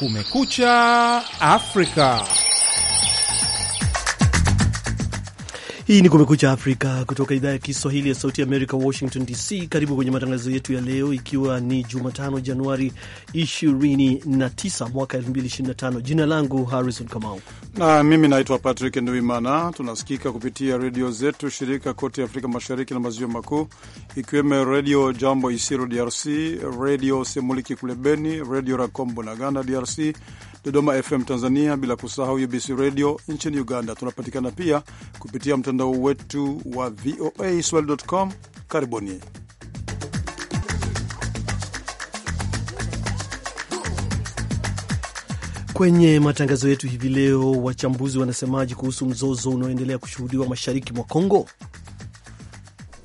Kumekucha Afrika. Hii ni Kumekucha Afrika kutoka idhaa ya Kiswahili ya Sauti Amerika, Washington DC. Karibu kwenye matangazo yetu ya leo, ikiwa ni Jumatano Januari 29 mwaka 2025. Jina langu Harrison Kamau na mimi naitwa Patrick Nduimana. Tunasikika kupitia redio zetu shirika kote Afrika Mashariki na Maziwa Makuu, ikiwemo Redio Jambo Isiro DRC, Redio Semuliki kule Beni, Redio Rakombo na Ganda DRC, Dodoma FM Tanzania, bila kusahau UBC Radio nchini Uganda. Tunapatikana pia kupitia mtandao mtandao wetu wa VOA swahili.com. Karibuni. Kwenye matangazo yetu hivi leo, wachambuzi wanasemaje kuhusu mzozo unaoendelea kushuhudiwa mashariki mwa Kongo?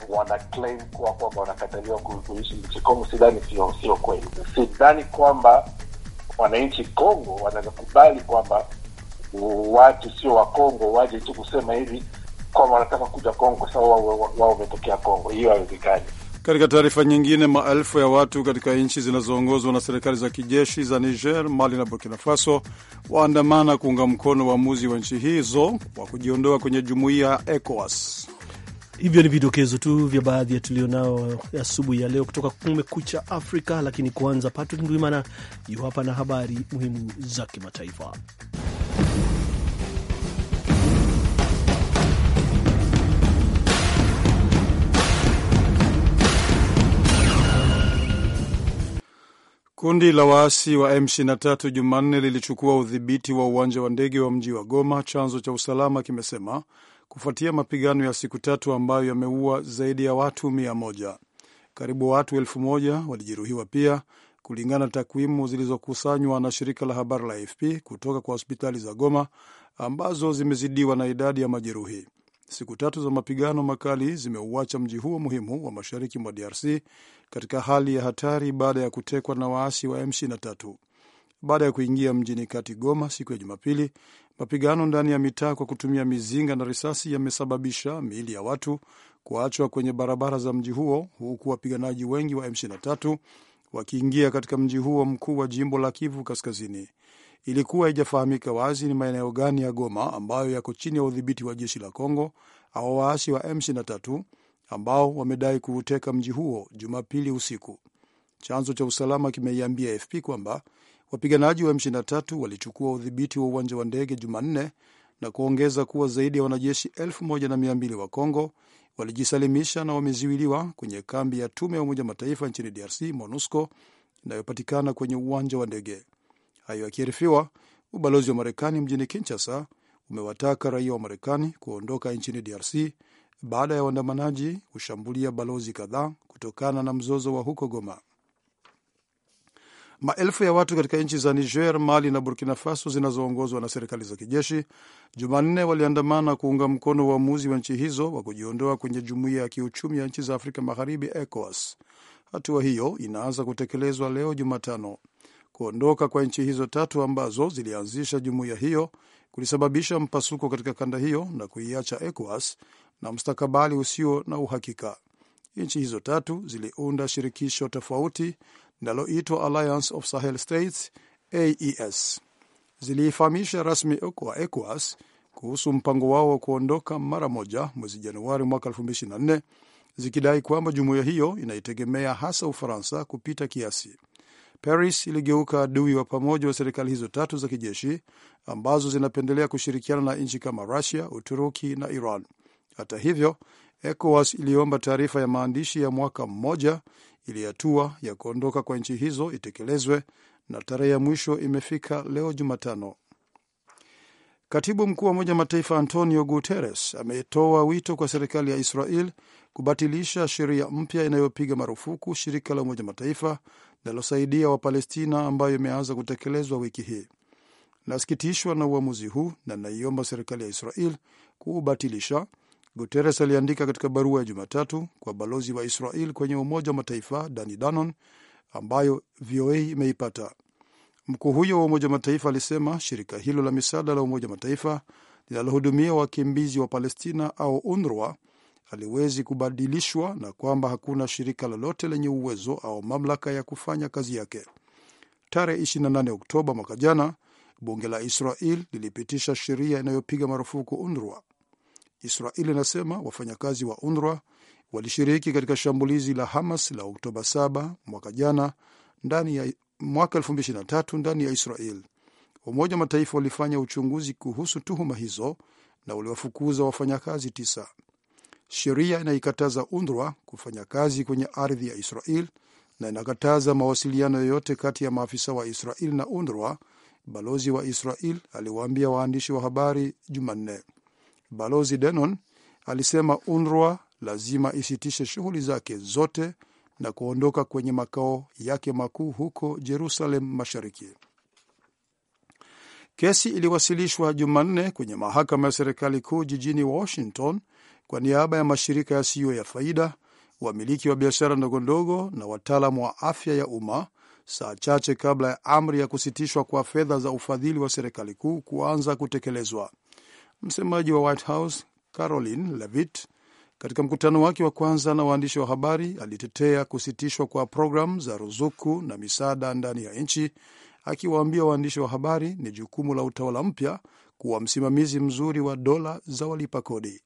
Wana kuwa kwamba wanakataliwa kuishi nchi Kongo. Sidhani sio kweli, sidhani kwamba wananchi Kongo wanaweza kubali kwamba watu sio wa Kongo waje tu kusema hivi kuwa wanataka kuja Kongo, sababu wao wametokea Kongo, hiyo haiwezekani. Katika taarifa nyingine, maelfu ya watu katika nchi zinazoongozwa na serikali za kijeshi za Niger, Mali na Burkina Faso waandamana kuunga mkono uamuzi wa, wa nchi hizo wa kujiondoa kwenye jumuiya ya ECOWAS. Hivyo ni vidokezo tu vya baadhi ya tulionao asubuhi ya, ya leo kutoka Kumekucha Afrika, lakini kwanza, Patrick Ndwimana yu hapa na habari muhimu za kimataifa. Kundi la waasi wa M23 Jumanne lilichukua udhibiti wa uwanja wa ndege wa mji wa Goma, chanzo cha usalama kimesema, kufuatia mapigano ya siku tatu ambayo yameua zaidi ya watu mia moja. Karibu watu elfu moja walijeruhiwa pia, kulingana na takwimu zilizokusanywa na shirika la habari la AFP kutoka kwa hospitali za Goma ambazo zimezidiwa na idadi ya majeruhi. Siku tatu za mapigano makali zimeuacha mji huo muhimu wa mashariki mwa DRC katika hali ya hatari baada ya kutekwa na waasi wa M23. Baada ya kuingia mjini kati Goma siku ya Jumapili, mapigano ndani ya mitaa kwa kutumia mizinga na risasi yamesababisha miili ya watu kuachwa kwenye barabara za mji huo, huku wapiganaji wengi wa M23 wakiingia katika mji huo mkuu wa jimbo la Kivu Kaskazini ilikuwa haijafahamika wazi ni maeneo gani ya Goma ambayo yako chini ya udhibiti wa jeshi la congo au waasi wa M23 ambao wamedai kuuteka mji huo Jumapili usiku. Chanzo cha usalama kimeiambia AFP kwamba wapiganaji wa M23 walichukua udhibiti wa uwanja wa ndege Jumanne na kuongeza kuwa zaidi ya wanajeshi 1200 wa congo walijisalimisha na wameziwiliwa kwenye kambi ya tume ya Umoja Mataifa nchini DRC, MONUSCO, inayopatikana kwenye uwanja wa ndege. Hayo yakiarifiwa, ubalozi wa Marekani mjini Kinshasa umewataka raia wa Marekani kuondoka nchini DRC baada ya waandamanaji kushambulia balozi kadhaa kutokana na mzozo wa huko Goma. Maelfu ya watu katika nchi za Niger, Mali na Burkina Faso zinazoongozwa na serikali za kijeshi Jumanne waliandamana kuunga mkono uamuzi wa, wa nchi hizo wa kujiondoa kwenye jumuiya ya kiuchumi ya nchi za Afrika Magharibi, ECOWAS. Hatua hiyo inaanza kutekelezwa leo Jumatano. Kuondoka kwa nchi hizo tatu ambazo zilianzisha jumuiya hiyo kulisababisha mpasuko katika kanda hiyo na kuiacha ECOWAS na mstakabali usio na uhakika. Nchi hizo tatu ziliunda shirikisho tofauti linaloitwa Alliance of Sahel States AES. Ziliifahamisha rasmi kwa ECOWAS kuhusu mpango wao wa kuondoka mara moja mwezi Januari mwaka 2024 zikidai kwamba jumuiya hiyo inaitegemea hasa Ufaransa kupita kiasi. Paris iligeuka adui wa pamoja wa serikali hizo tatu za kijeshi ambazo zinapendelea kushirikiana na nchi kama Rusia, Uturuki na Iran. Hata hivyo, ECOWAS iliomba taarifa ya maandishi ya mwaka mmoja ili hatua ya kuondoka kwa nchi hizo itekelezwe, na tarehe ya mwisho imefika leo Jumatano. Katibu mkuu wa Umoja wa Mataifa Antonio Guterres ametoa wito kwa serikali ya Israel kubatilisha sheria mpya inayopiga marufuku shirika la Umoja Mataifa linalosaidia Wapalestina ambayo imeanza kutekelezwa wiki hii. Nasikitishwa na uamuzi huu na naiomba serikali ya Israel kuubatilisha, Guteres aliandika katika barua ya Jumatatu kwa balozi wa Israel kwenye Umoja wa Mataifa Dani Danon, ambayo VOA imeipata. Mkuu huyo wa Umoja wa Mataifa alisema shirika hilo la misaada la Umoja wa Mataifa linalohudumia wakimbizi wa Palestina au UNRWA haliwezi kubadilishwa na kwamba hakuna shirika lolote lenye uwezo au mamlaka ya kufanya kazi yake. Tarehe 28 Oktoba mwaka jana, bunge la Israel lilipitisha sheria inayopiga marufuku UNRWA. Israel inasema wafanyakazi wa UNRWA walishiriki katika shambulizi la Hamas la Oktoba 7 mwaka jana ndani ya mwaka 2023 ndani ya Israel. Umoja wa Mataifa ulifanya uchunguzi kuhusu tuhuma hizo na uliwafukuza wafanyakazi tisa. Sheria inaikataza UNRWA kufanya kazi kwenye ardhi ya Israel na inakataza mawasiliano yoyote kati ya maafisa wa Israel na UNRWA, balozi wa Israel aliwaambia waandishi wa habari Jumanne. Balozi Denon alisema UNRWA lazima isitishe shughuli zake zote na kuondoka kwenye makao yake makuu huko Jerusalem Mashariki. Kesi iliwasilishwa Jumanne kwenye mahakama ya serikali kuu jijini Washington kwa niaba ya mashirika yasiyo ya faida, wamiliki wa biashara ndogondogo na wataalamu wa afya ya umma, saa chache kabla ya amri ya kusitishwa kwa fedha za ufadhili wa serikali kuu kuanza kutekelezwa. Msemaji wa White House Caroline Levitt katika mkutano wake wa kwanza na waandishi wa habari alitetea kusitishwa kwa programu za ruzuku na misaada ndani ya nchi, akiwaambia waandishi wa habari ni jukumu la utawala mpya kuwa msimamizi mzuri wa dola za walipa kodi.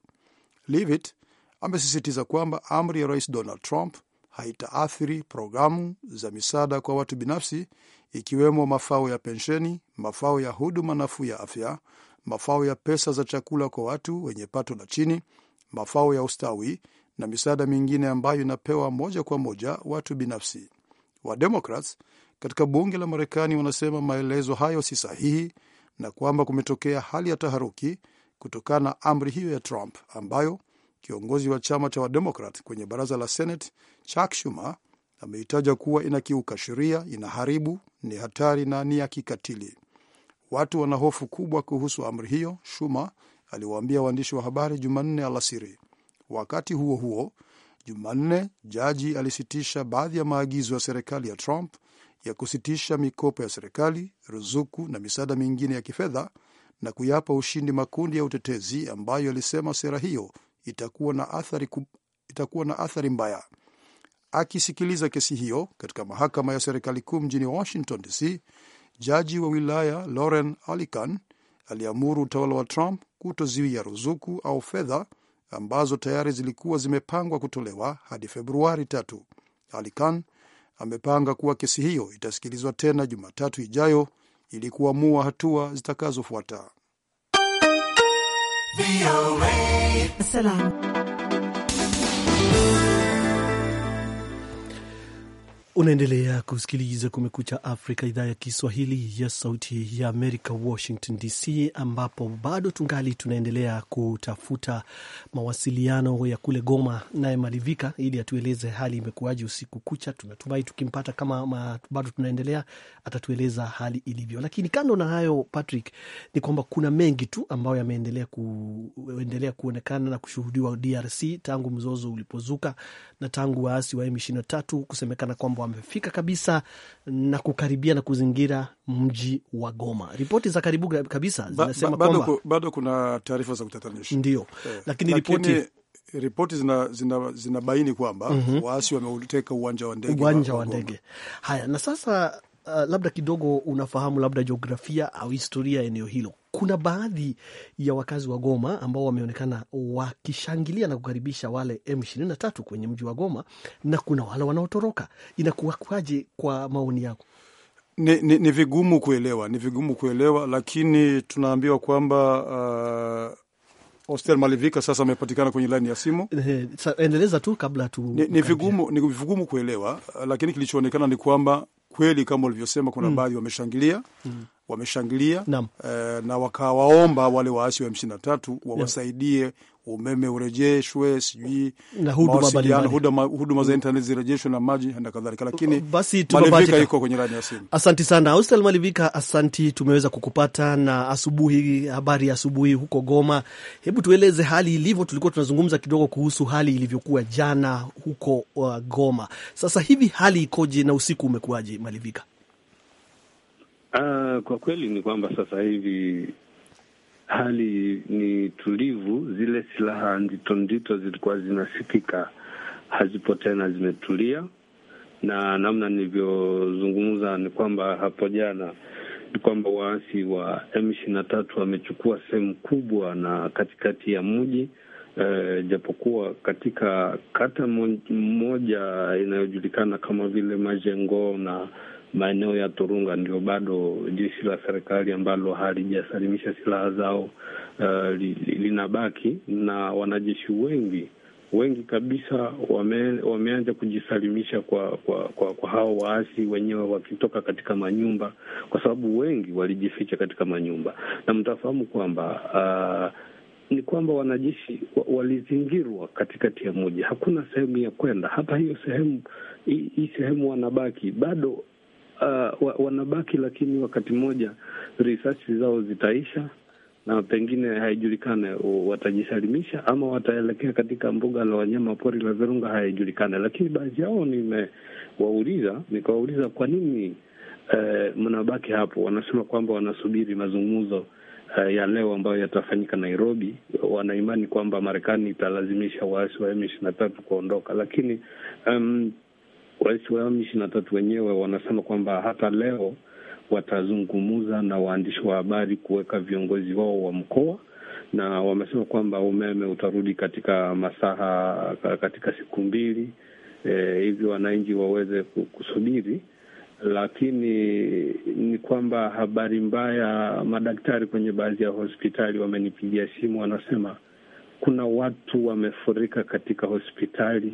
Leavitt amesisitiza kwamba amri ya Rais Donald Trump haitaathiri programu za misaada kwa watu binafsi ikiwemo mafao ya pensheni, mafao ya huduma nafuu ya afya, mafao ya pesa za chakula kwa watu wenye pato la chini, mafao ya ustawi na misaada mingine ambayo inapewa moja kwa moja watu binafsi. Wademokrats katika bunge la Marekani wanasema maelezo hayo si sahihi na kwamba kumetokea hali ya taharuki kutokana na amri hiyo ya Trump ambayo kiongozi wa chama cha Wademokrat kwenye baraza la Senate Chuck Schumer ameitaja kuwa inakiuka sheria, inaharibu, ni hatari na ni ya kikatili. Watu wana hofu kubwa kuhusu amri hiyo, Schumer aliwaambia waandishi wa habari Jumanne alasiri. Wakati huo huo, Jumanne jaji alisitisha baadhi ya maagizo ya serikali ya Trump ya kusitisha mikopo ya serikali, ruzuku na misaada mingine ya kifedha na kuyapa ushindi makundi ya utetezi ambayo yalisema sera hiyo itakuwa na athari, itakuwa na athari mbaya. Akisikiliza kesi hiyo katika mahakama ya serikali kuu mjini Washington DC, jaji wa wilaya Lauren Alican aliamuru utawala wa Trump kutozuia ruzuku au fedha ambazo tayari zilikuwa zimepangwa kutolewa hadi Februari tatu. Alican amepanga kuwa kesi hiyo itasikilizwa tena Jumatatu ijayo ili kuamua hatua zitakazofuata. Unaendelea kusikiliza Kumekucha Afrika, idhaa ya Kiswahili ya Sauti ya Amerika, Washington DC, ambapo bado tungali tunaendelea kutafuta mawasiliano ya kule Goma naye Malivika ili atueleze hali imekuwaje usiku kucha. Tunatumai tukimpata kama ma, bado tunaendelea atatueleza hali ilivyo. Lakini kando na hayo, Patrick, ni kwamba kuna mengi tu ambayo yameendelea kuendelea kuonekana na kushuhudiwa DRC tangu mzozo ulipozuka na tangu waasi wa M23 kusemekana kwamba kwamba wamefika kabisa na kukaribia na kuzingira mji wa Goma. Ripoti za karibu kabisa zinasema ba, ba, kwamba bado kuna taarifa za kutatanisha ndio, eh, lakini ripoti ripoti zinabaini zina, zina kwamba mm -hmm. waasi wameuteka uwanja wa ndege. Haya, na sasa uh, labda kidogo unafahamu labda jiografia au historia ya eneo hilo. Kuna baadhi ya wakazi wa Goma ambao wameonekana wakishangilia na kukaribisha wale M23 kwenye mji wa Goma na kuna wale wanaotoroka. inakuakwaje kwa maoni yako? Ni, ni, ni vigumu kuelewa, ni vigumu kuelewa, lakini tunaambiwa kwamba uh, Oster Malivika sasa amepatikana kwenye laini ya simu. Eh, endeleza tu kabla tu. Ni, ni vigumu, ni vigumu kuelewa, lakini kilichoonekana ni kwamba kweli kama ulivyosema, kuna mm. baadhi wameshangilia mm. wameshangilia na, eh, na wakawaomba wale waasi wa M na tatu wawasaidie umeme urejeshwe, sijui na huduma za mm. internet zirejeshwe na maji na kadhalika, lakini uh, basi Malivika iko kwenye laini ya simu. Asanti sana Austel Malivika, asanti, tumeweza kukupata na asubuhi, habari ya asubuhi huko Goma. Hebu tueleze hali ilivyo, tulikuwa tunazungumza kidogo kuhusu hali ilivyokuwa jana huko uh, Goma. Sasa hivi hali ikoje na usiku umekuwaje Malivika? Uh, kwa kweli ni kwamba sasa hivi hali ni tulivu. Zile silaha nzito nzito zilikuwa zinasikika hazipo tena, zimetulia. Na namna nilivyozungumza ni kwamba hapo jana ni kwamba waasi wa M ishirini na tatu wamechukua sehemu kubwa na katikati ya mji e, japokuwa katika kata moja inayojulikana kama vile Majengo na maeneo ya Turunga ndio bado jeshi la serikali ambalo halijasalimisha silaha zao uh, li, li, linabaki na wanajeshi wengi wengi kabisa wame, wameanza kujisalimisha kwa kwa, kwa, kwa hao waasi wenyewe wakitoka katika manyumba, kwa sababu wengi walijificha katika manyumba, na mtafahamu kwamba uh, ni kwamba wanajeshi walizingirwa katikati ya moja, hakuna sehemu ya kwenda hapa. Hiyo sehemu hii sehemu wanabaki bado uh, wanabaki, lakini wakati mmoja risasi zao zitaisha na pengine haijulikane watajisalimisha ama wataelekea katika mbuga la wanyama pori la Virunga, haijulikane. Lakini baadhi yao nimewauliza, nikawauliza kwa nini eh, mnabaki hapo? Wanasema kwamba wanasubiri mazungumzo eh, ya leo ambayo yatafanyika Nairobi. Wanaimani kwamba Marekani italazimisha waasi wa M ishirini na tatu kuondoka, lakini um, Rais wa m tatu wenyewe wanasema kwamba hata leo watazungumza na waandishi wa habari kuweka viongozi wao wa mkoa, na wamesema kwamba umeme utarudi katika masaha katika siku mbili e, hivyo wananchi waweze kusubiri. Lakini ni kwamba habari mbaya, madaktari kwenye baadhi ya hospitali wamenipigia simu, wanasema kuna watu wamefurika katika hospitali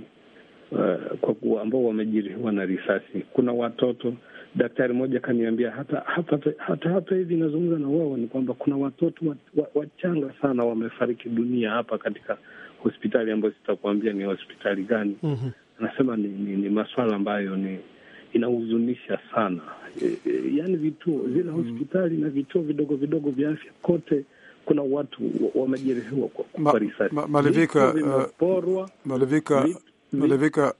Eh, kwa kuwa ambao wamejeruhiwa na risasi. Kuna watoto, daktari mmoja akaniambia hata hapa hata hivi inazungumza na wao ni kwamba kuna watoto wachanga wa, wa sana wamefariki dunia hapa katika hospitali ambayo sitakuambia ni hospitali gani. mm -hmm. Anasema ni, ni, ni maswala ambayo ni inahuzunisha sana e, e, yani vituo zile mhm. hospitali mm. na vituo vidogo vidogo vya afya kote kuna watu wamejeruhiwa kwa risasi. Malivika, malivika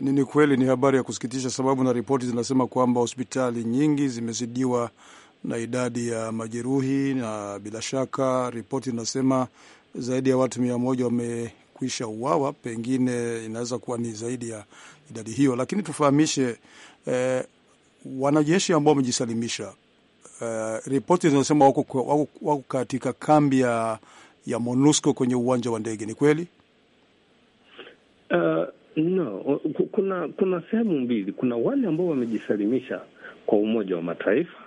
ni kweli ni habari ya kusikitisha, sababu na ripoti zinasema kwamba hospitali nyingi zimezidiwa na idadi ya majeruhi, na bila shaka ripoti zinasema zaidi ya watu mia moja wamekwisha uawa, pengine inaweza kuwa ni zaidi ya idadi hiyo. Lakini tufahamishe eh, wanajeshi ambao wamejisalimisha eh, ripoti zinasema wako, wako, wako katika kambi ya ya MONUSCO kwenye uwanja wa ndege, ni kweli? Eh, No, kuna kuna sehemu mbili. Kuna wale ambao wamejisalimisha kwa Umoja wa Mataifa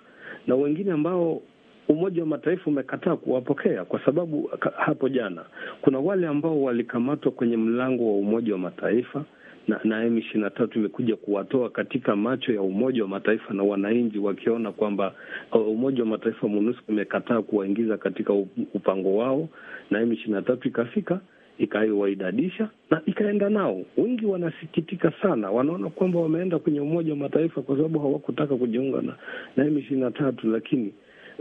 na wengine ambao Umoja wa Mataifa umekataa kuwapokea kwa sababu hapo jana, kuna wale ambao walikamatwa kwenye mlango wa Umoja wa Mataifa na, na M ishirini na tatu imekuja kuwatoa katika macho ya Umoja wa Mataifa na wananchi wakiona kwamba uh, Umoja wa Mataifa MONUSCO imekataa kuwaingiza katika upango wao, na M ishirini na tatu ikafika ikaiwaidadisha na ikaenda nao. Wengi wanasikitika sana, wanaona kwamba wameenda kwenye Umoja wa Mataifa kwa sababu hawakutaka kujiunga na na M ishirini na tatu, lakini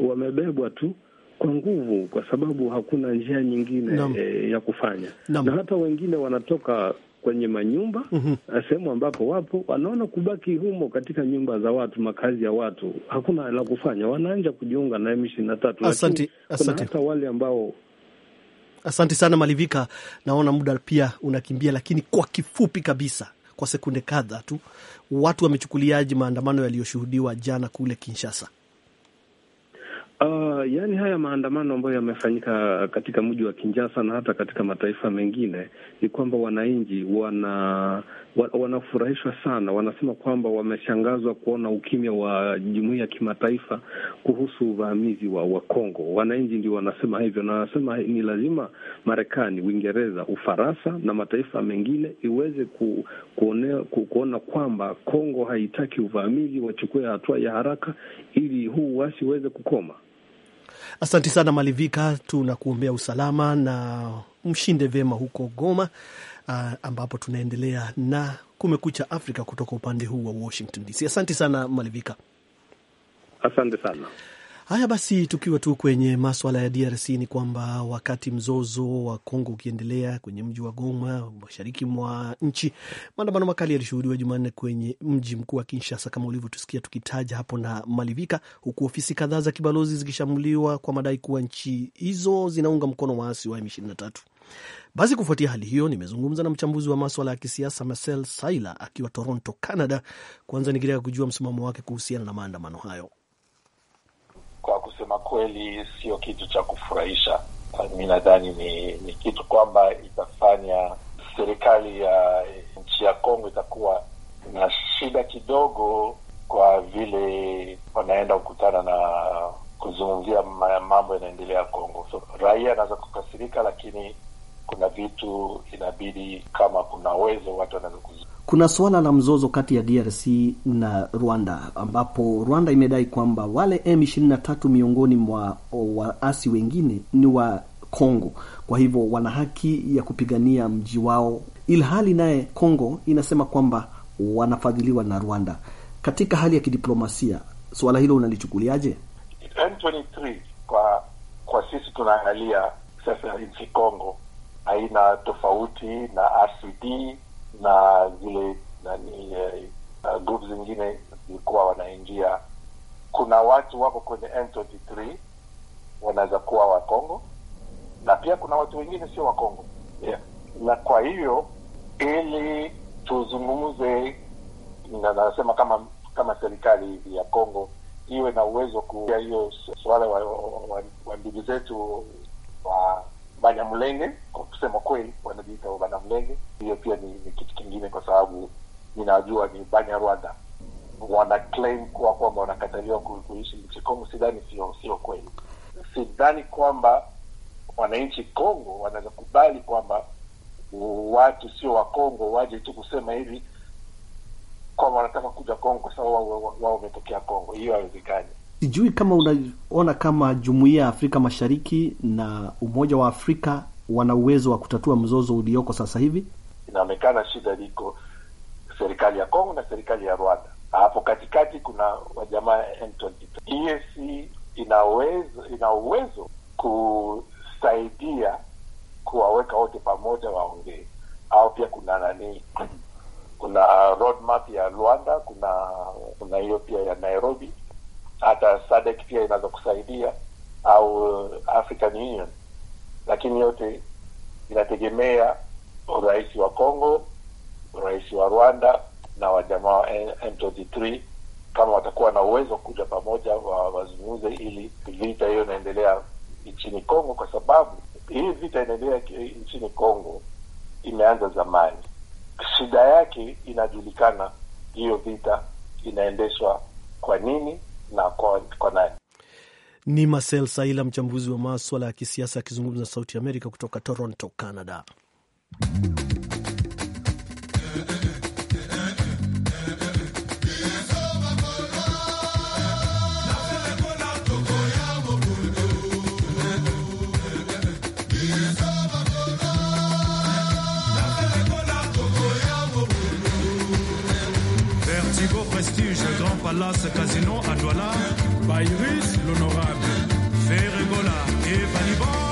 wamebebwa tu kwa nguvu, kwa sababu hakuna njia nyingine e, ya kufanya Nam. na hata wengine wanatoka kwenye manyumba mm -hmm. sehemu ambapo wapo wanaona kubaki humo katika nyumba za watu, makazi ya watu, hakuna la kufanya, wanaanja kujiunga na M ishirini na tatu. Lakini Kuna hata wale ambao Asante sana Malivika, naona muda pia unakimbia, lakini kwa kifupi kabisa, kwa sekunde kadha tu, watu wamechukuliaje maandamano yaliyoshuhudiwa jana kule Kinshasa? Uh, yaani haya maandamano ambayo yamefanyika katika mji wa Kinshasa na hata katika mataifa mengine ni kwamba wananchi wana wanafurahishwa sana, wanasema kwamba wameshangazwa kuona ukimya wa jumuiya ya kimataifa kuhusu uvamizi wa Wakongo. Wananchi ndio wanasema hivyo, na wanasema ni lazima Marekani, Uingereza, Ufaransa na mataifa mengine iweze ku, kuone, ku, kuona kwamba Kongo haitaki uvamizi, wachukue hatua ya haraka ili huu uasi uweze kukoma. Asante sana Malivika, tunakuombea usalama na mshinde vyema huko Goma, uh, ambapo tunaendelea na Kumekucha Afrika kutoka upande huu wa Washington DC. asanti sana Malivika, asante sana. Haya basi, tukiwa tu kwenye maswala ya DRC ni kwamba wakati mzozo wa Kongo ukiendelea kwenye mji wa Goma, mashariki mwa nchi, maandamano makali yalishuhudiwa Jumanne kwenye mji mkuu wa Kinshasa, kama ulivyotusikia tukitaja hapo na Malivika, huku ofisi kadhaa za kibalozi zikishambuliwa kwa madai kuwa nchi hizo zinaunga mkono waasi wa M23. Basi kufuatia hali hiyo, nimezungumza na mchambuzi wa maswala ya kisiasa Marcel Saila akiwa Toronto, Canada, kwanza nikitaka kujua msimamo wake kuhusiana na maandamano hayo kwa kusema kweli sio kitu cha kufurahisha. Mi nadhani ni, ni kitu kwamba itafanya serikali ya nchi ya Kongo itakuwa na shida kidogo, kwa vile wanaenda kukutana na kuzungumzia mambo yanaendelea Kongo. So raia anaweza kukasirika, lakini kuna vitu inabidi kama kuna uwezo watu wanaweza kuna suala la mzozo kati ya DRC na Rwanda ambapo Rwanda imedai kwamba wale M23 miongoni mwa waasi wengine ni wa Kongo, kwa hivyo wana haki ya kupigania mji wao, ilhali naye Kongo inasema kwamba wanafadhiliwa na Rwanda. Katika hali ya kidiplomasia, suala hilo unalichukuliaje? M23 kwa kwa sisi tunaangalia sasa, nchi Kongo haina tofauti na RCD na zile nani eh, eh, group zingine zilikuwa wanaingia. Kuna watu wako kwenye m 3 wanaweza kuwa wa Kongo na pia kuna watu wengine sio wa Kongo yeah. Na kwa hiyo ili tuzungumze, nasema kama kama serikali hivi ya Kongo iwe na uwezo kuia hiyo suala wa, wa, wa, wa ndugu zetu wa banyamlenge Kwa kusema kweli, wanajiita banyamlenge Hiyo pia ni, ni kitu kingine, kwa sababu ninajua ni rwanda wana claim kuwa kwamba wanakataliwa kuishi nchi Kongo. Sidhani sio sio kweli. Sidhani kwamba wananchi Kongo wanaweza kubali kwamba watu sio wa Kongo waje tu kusema hivi kwamba wanataka kuja Kongo kwa sababu wao wametokea Kongo. Hiyo haiwezekani. Sijui kama unaona kama Jumuiya ya Afrika Mashariki na Umoja wa Afrika wana uwezo wa kutatua mzozo ulioko sasa hivi. Inaonekana shida liko serikali ya Kongo na serikali ya Rwanda, hapo katikati kuna wajamaa M23. EAC ina uwezo ina uwezo kusaidia kuwaweka wote pamoja waongee, au pia kuna nani kuna roadmap ya Rwanda, kuna kuna hiyo pia ya Nairobi hata SADC pia inaweza kusaidia au uh, African Union, lakini yote inategemea rais wa Congo, rais wa Rwanda na wajamaa wa M23 kama watakuwa na uwezo kuja pamoja wa wazungumze, ili vita hiyo inaendelea nchini Kongo, kwa sababu hii vita inaendelea nchini Kongo imeanza zamani. Shida yake inajulikana, hiyo vita inaendeshwa kwa nini na kwa naye. Ni Marcel Saila, mchambuzi wa maswala ya kisiasa akizungumza Sauti Amerika kutoka Toronto, Canada. Palace Casino à Douala, Bayrus l'honorable, Ferregola et Baliban.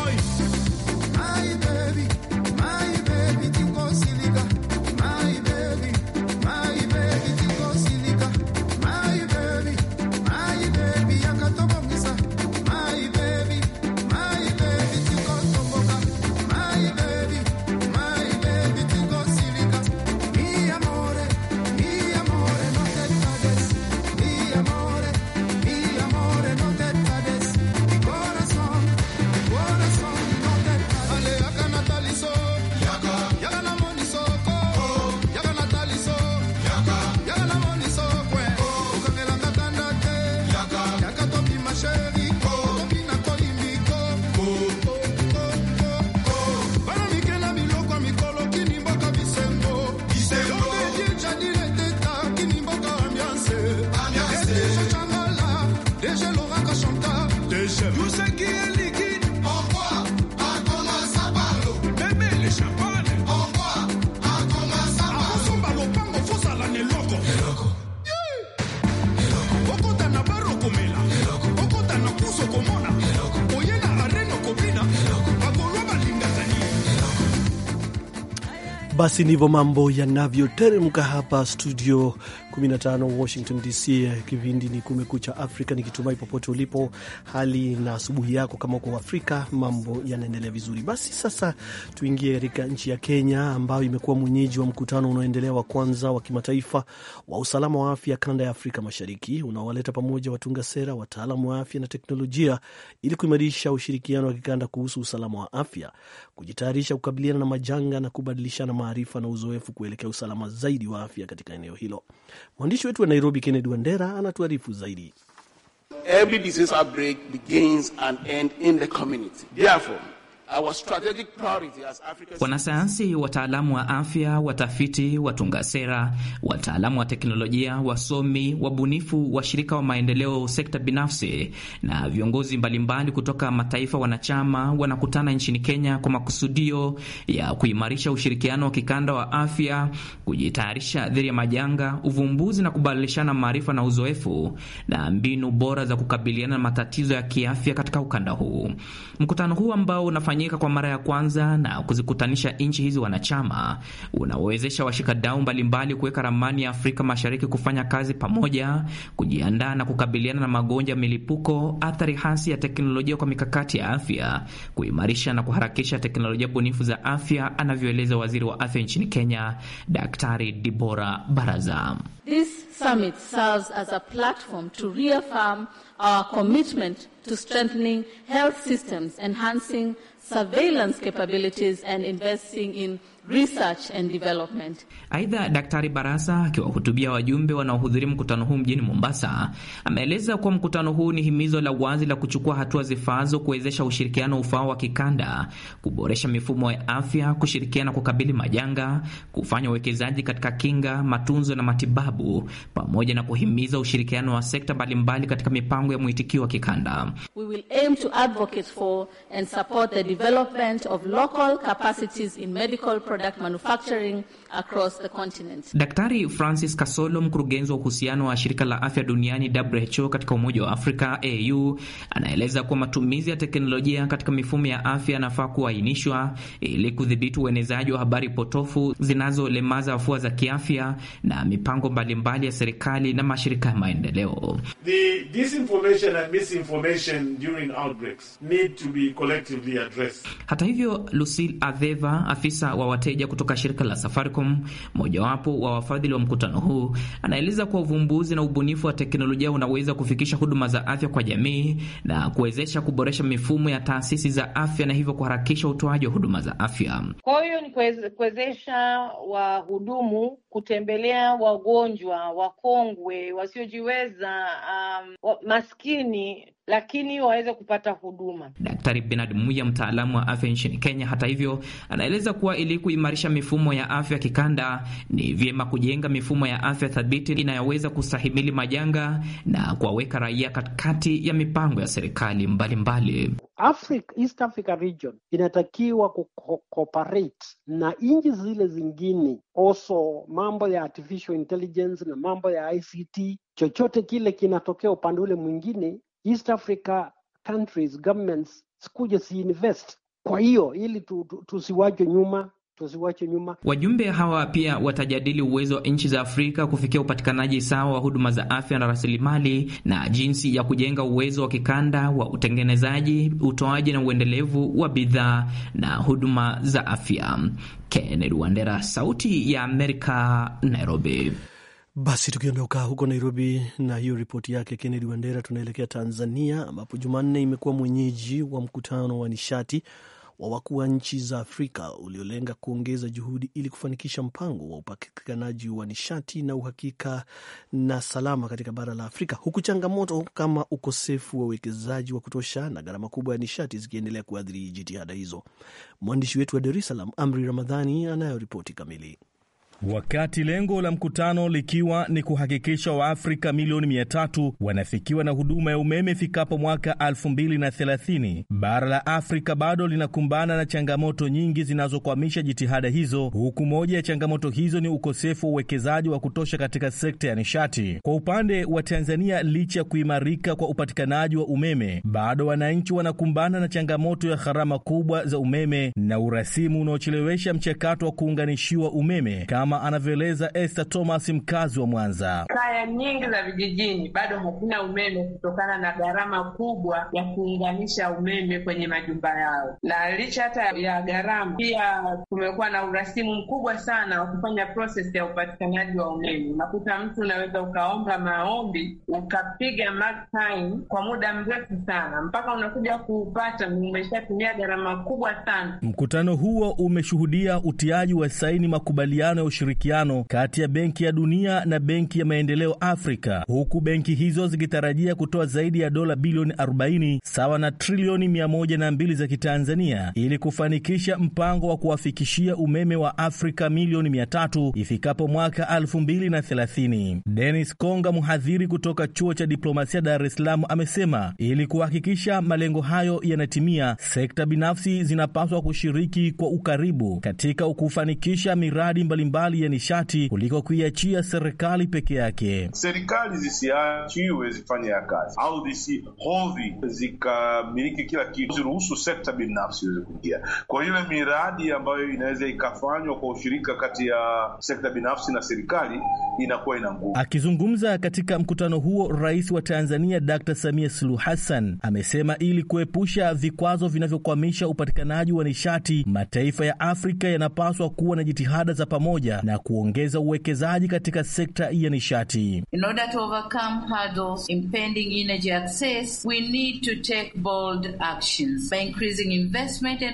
Basi ndivyo mambo yanavyoteremka hapa studio 15 Washington DC. Kipindi ni Kumekucha Afrika, nikitumai popote ulipo hali na asubuhi yako. Kama uko Afrika, mambo yanaendelea vizuri. Basi sasa tuingie katika nchi ya Kenya ambayo imekuwa mwenyeji wa mkutano unaoendelea wa kwanza wa kimataifa wa usalama wa afya kanda ya Afrika Mashariki, unaowaleta pamoja watunga sera, wataalamu wa afya na teknolojia ili kuimarisha ushirikiano wa kikanda kuhusu usalama wa afya kujitayarisha kukabiliana na majanga na kubadilishana maarifa na uzoefu kuelekea usalama zaidi wa afya katika eneo hilo. Mwandishi wetu wa Nairobi, Kennedy Wandera, anatuarifu zaidi. Every disease outbreak begins and ends in the community. Therefore, Wanasayansi, wataalamu wa afya, watafiti, watunga sera, wataalamu wa teknolojia, wasomi, wabunifu, washirika wa maendeleo, sekta binafsi na viongozi mbalimbali kutoka mataifa wanachama wanakutana nchini Kenya kwa makusudio ya kuimarisha ushirikiano wa kikanda wa afya, kujitayarisha dhidi ya majanga, uvumbuzi na kubadilishana maarifa na uzoefu na mbinu bora za kukabiliana na matatizo ya kiafya katika ukanda huu. Mkutano huu ambao unafanyika kufanyika kwa mara ya kwanza na kuzikutanisha nchi hizi wanachama unawezesha washikadau mbalimbali kuweka ramani ya Afrika Mashariki kufanya kazi pamoja, kujiandaa na kukabiliana na magonjwa ya milipuko, athari hasi ya teknolojia kwa mikakati ya afya, kuimarisha na kuharakisha teknolojia bunifu za afya, anavyoeleza waziri wa afya nchini Kenya, Daktari Dibora Baraza. This summit serves as a platform to reaffirm our commitment to strengthening health systems, enhancing surveillance capabilities and investing in research and development. Aidha, Daktari Barasa akiwahutubia wajumbe wanaohudhuria mkutano huu mjini Mombasa ameeleza kuwa mkutano huu ni himizo la wazi la kuchukua hatua zifaazo kuwezesha ushirikiano ufao wa kikanda, kuboresha mifumo ya afya, kushirikiana kukabili majanga, kufanya uwekezaji katika kinga, matunzo na matibabu, pamoja na kuhimiza ushirikiano wa sekta mbalimbali katika mipango ya mwitikio wa kikanda. We will aim to advocate for and support the development of local capacities in medical product manufacturing across the continent. Daktari Francis Kasolo, mkurugenzi wa uhusiano wa shirika la afya duniani WHO katika Umoja wa Afrika AU, anaeleza kuwa matumizi ya teknolojia katika mifumo ya afya yanafaa kuainishwa ili kudhibiti uenezaji wa habari potofu zinazolemaza afua za kiafya na mipango mbalimbali ya serikali na mashirika ya maendeleo. The disinformation and misinformation during outbreaks need to be collectively addressed. Hata hivyo, Lucille Adheva, afisa wa wateja kutoka shirika la Safaricom, mojawapo wa wafadhili wa mkutano huu, anaeleza kuwa uvumbuzi na ubunifu wa teknolojia unaweza kufikisha huduma za afya kwa jamii na kuwezesha kuboresha mifumo ya taasisi za afya na hivyo kuharakisha utoaji wa huduma za afya. Kwa hiyo ni kuwezesha wahudumu kutembelea wagonjwa, wakongwe, wasiojiweza, um, maskini lakini waweze kupata huduma. Daktari Benard Muya, mtaalamu wa afya nchini Kenya, hata hivyo, anaeleza kuwa ili kuimarisha mifumo ya afya kikanda ni vyema kujenga mifumo ya afya thabiti inayoweza kustahimili majanga na kuwaweka raia katikati ya mipango ya serikali mbalimbali. Africa, East Africa region inatakiwa kucooperate na nchi zile zingine also mambo ya artificial intelligence na mambo ya ICT chochote kile kinatokea upande ule mwingine East Africa countries governments sikuje siinvest. Kwa hiyo ili tusiwache tu, tu nyuma tusiwachwe nyuma. Wajumbe hawa pia watajadili uwezo wa nchi za Afrika kufikia upatikanaji sawa wa huduma za afya na rasilimali na jinsi ya kujenga uwezo wa kikanda wa utengenezaji, utoaji na uendelevu wa bidhaa na huduma za afya. Kennedy Wandera, Sauti ya Amerika, Nairobi. Basi tukiondoka huko Nairobi na hiyo ripoti yake Kennedy Wandera, tunaelekea Tanzania ambapo Jumanne imekuwa mwenyeji wa mkutano wa nishati wa wakuu wa nchi za Afrika uliolenga kuongeza juhudi ili kufanikisha mpango wa upatikanaji wa nishati na uhakika na salama katika bara la Afrika, huku changamoto kama ukosefu wa uwekezaji wa kutosha na gharama kubwa ya nishati zikiendelea kuathiri jitihada hizo. Mwandishi wetu wa Dar es Salaam, Amri Ramadhani, anayo ripoti kamili. Wakati lengo la mkutano likiwa ni kuhakikisha Waafrika milioni mia tatu wanafikiwa na huduma ya umeme ifikapo mwaka 2030, bara la Afrika bado linakumbana na changamoto nyingi zinazokwamisha jitihada hizo, huku moja ya changamoto hizo ni ukosefu wa uwekezaji wa kutosha katika sekta ya nishati. Kwa upande wa Tanzania, licha ya kuimarika kwa upatikanaji wa umeme, bado wananchi wanakumbana na changamoto ya gharama kubwa za umeme na urasimu unaochelewesha mchakato wa kuunganishiwa umeme kama kama anavyoeleza Esther Thomas, mkazi wa Mwanza. Kaya nyingi za vijijini bado hakuna umeme kutokana na gharama kubwa ya kuunganisha umeme kwenye majumba yao, na licha hata ya gharama, pia kumekuwa na urasimu mkubwa sana wa kufanya proses ya upatikanaji wa umeme. Unakuta mtu unaweza ukaomba maombi ukapiga mark time kwa muda mrefu sana, mpaka unakuja kuupata, umeshatumia gharama kubwa sana. Mkutano huo umeshuhudia utiaji wa saini makubaliano ya ushirikiano kati ya Benki ya Dunia na Benki ya Maendeleo Afrika, huku benki hizo zikitarajia kutoa zaidi ya dola bilioni 40 sawa na trilioni 102 za Kitanzania ili kufanikisha mpango wa kuwafikishia umeme wa Afrika milioni 300 ifikapo mwaka 2030. Dennis Konga, mhadhiri kutoka Chuo cha Diplomasia Dar es Salaam, amesema ili kuhakikisha malengo hayo yanatimia, sekta binafsi zinapaswa kushiriki kwa ukaribu katika kufanikisha miradi mbalimbali serikali ya nishati kuliko kuiachia serikali peke yake. Serikali zisiachiwe zifanye kazi au zisihodhi zikamiliki kila kitu, ziruhusu sekta binafsi iweze kuingia. Kwa hiyo miradi ambayo inaweza ikafanywa kwa ushirika kati ya sekta binafsi na serikali inakuwa ina nguvu. Akizungumza katika mkutano huo, rais wa Tanzania d Samia Suluhu Hassan amesema ili kuepusha vikwazo vinavyokwamisha upatikanaji wa nishati, mataifa ya Afrika yanapaswa kuwa na jitihada za pamoja pamoja na kuongeza uwekezaji katika sekta ya nishati. In order to overcome hurdles impending energy access, we need to take bold actions by increasing investment and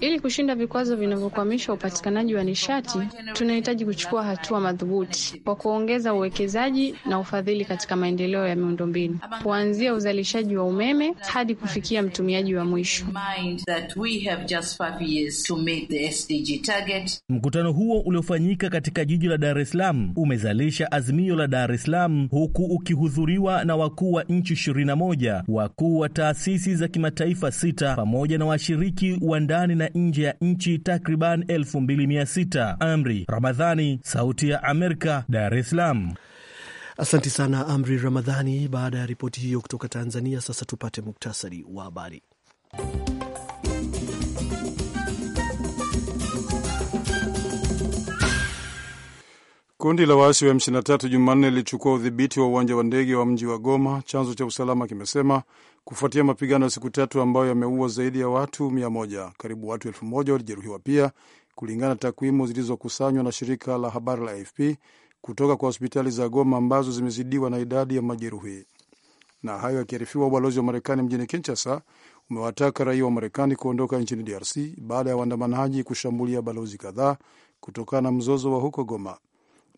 Ili kushinda vikwazo vinavyokwamisha upatikanaji wa nishati, tunahitaji kuchukua hatua madhubuti kwa kuongeza uwekezaji na ufadhili katika maendeleo ya miundombinu, kuanzia uzalishaji wa umeme hadi kufikia mtumiaji wa mwisho. Mkutano huo uliofanyika uliofanyika katika jiji la Dar es Salaam umezalisha azimio la Dar es Salaam huku ukihudhuriwa na wakuu wa nchi 21, wakuu wa taasisi za kimataifa sita, pamoja na washiriki wa ndani na nje ya nchi takriban 2600. Amri Ramadhani, Sauti ya Amerika, Dar es Salaam. Asante sana Amri Ramadhani. Baada ya ripoti hiyo kutoka Tanzania, sasa tupate muktasari wa habari. Kundi la waasi wa M23 Jumanne lilichukua udhibiti wa uwanja wa ndege wa mji wa Goma, chanzo cha usalama kimesema, kufuatia mapigano ya siku tatu ambayo yameua zaidi ya watu moja. Karibu watu elfu moja walijeruhiwa pia, kulingana na takwimu zilizokusanywa na shirika la habari la AFP kutoka kwa hospitali za Goma ambazo zimezidiwa na idadi ya majeruhi. Na hayo yakiarifiwa, ubalozi wa Marekani mjini Kinshasa umewataka raia wa Marekani kuondoka nchini DRC baada ya waandamanaji kushambulia balozi kadhaa kutokana na mzozo wa huko Goma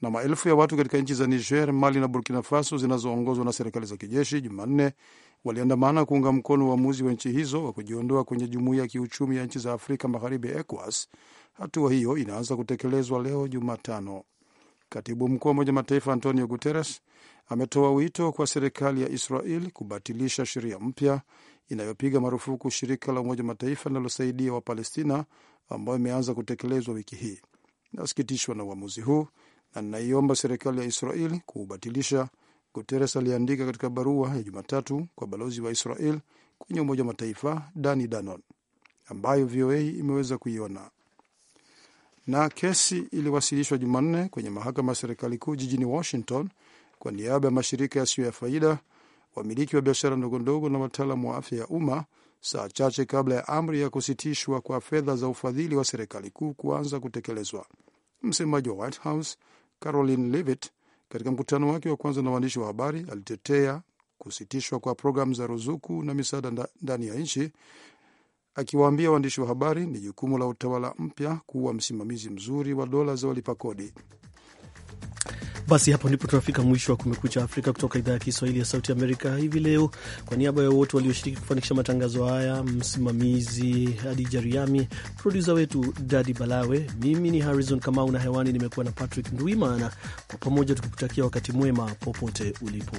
na maelfu ya watu katika nchi za Niger, Mali na Burkina Faso zinazoongozwa na serikali za kijeshi Jumanne waliandamana kuunga mkono uamuzi wa nchi hizo wa kujiondoa kwenye jumuiya ya kiuchumi ya nchi za Afrika Magharibi, ECOWAS. Hatua hiyo inaanza kutekelezwa leo Jumatano. Katibu mkuu wa Umoja Mataifa Antonio Guterres ametoa wito kwa serikali ya Israel kubatilisha sheria mpya inayopiga marufuku shirika la Umoja Mataifa linalosaidia Wapalestina ambayo imeanza kutekelezwa wiki hii. Nasikitishwa na uamuzi huu, na ninaiomba serikali ya israel kuubatilisha, Guteres aliandika katika barua ya Jumatatu kwa balozi wa Israel kwenye Umoja wa Mataifa Dani Danon, ambayo VOA imeweza kuiona. Na kesi iliwasilishwa Jumanne kwenye mahakama ya serikali kuu jijini Washington kwa niaba ya mashirika yasiyo ya faida, wamiliki wa biashara ndogondogo na wataalamu wa afya ya umma, saa chache kabla ya amri ya kusitishwa kwa fedha za ufadhili wa serikali kuu kuanza kutekelezwa. Msemaji wa White House Caroline Levitt katika mkutano wake wa kwanza na waandishi wa habari alitetea kusitishwa kwa programu za ruzuku na misaada ndani ya nchi, akiwaambia waandishi wa habari ni jukumu la utawala mpya kuwa msimamizi mzuri wa dola za walipa kodi. Basi hapo ndipo tunafika mwisho wa Kumekucha Afrika kutoka idhaa ya Kiswahili ya Sauti Amerika hivi leo. Kwa niaba ya wote walioshiriki kufanikisha matangazo haya, msimamizi Hadija Riami, produsa wetu Dadi Balawe, mimi ni Harrison Kamau na hewani nimekuwa na Patrick Ndwimana, kwa pamoja tukikutakia wakati mwema popote ulipo.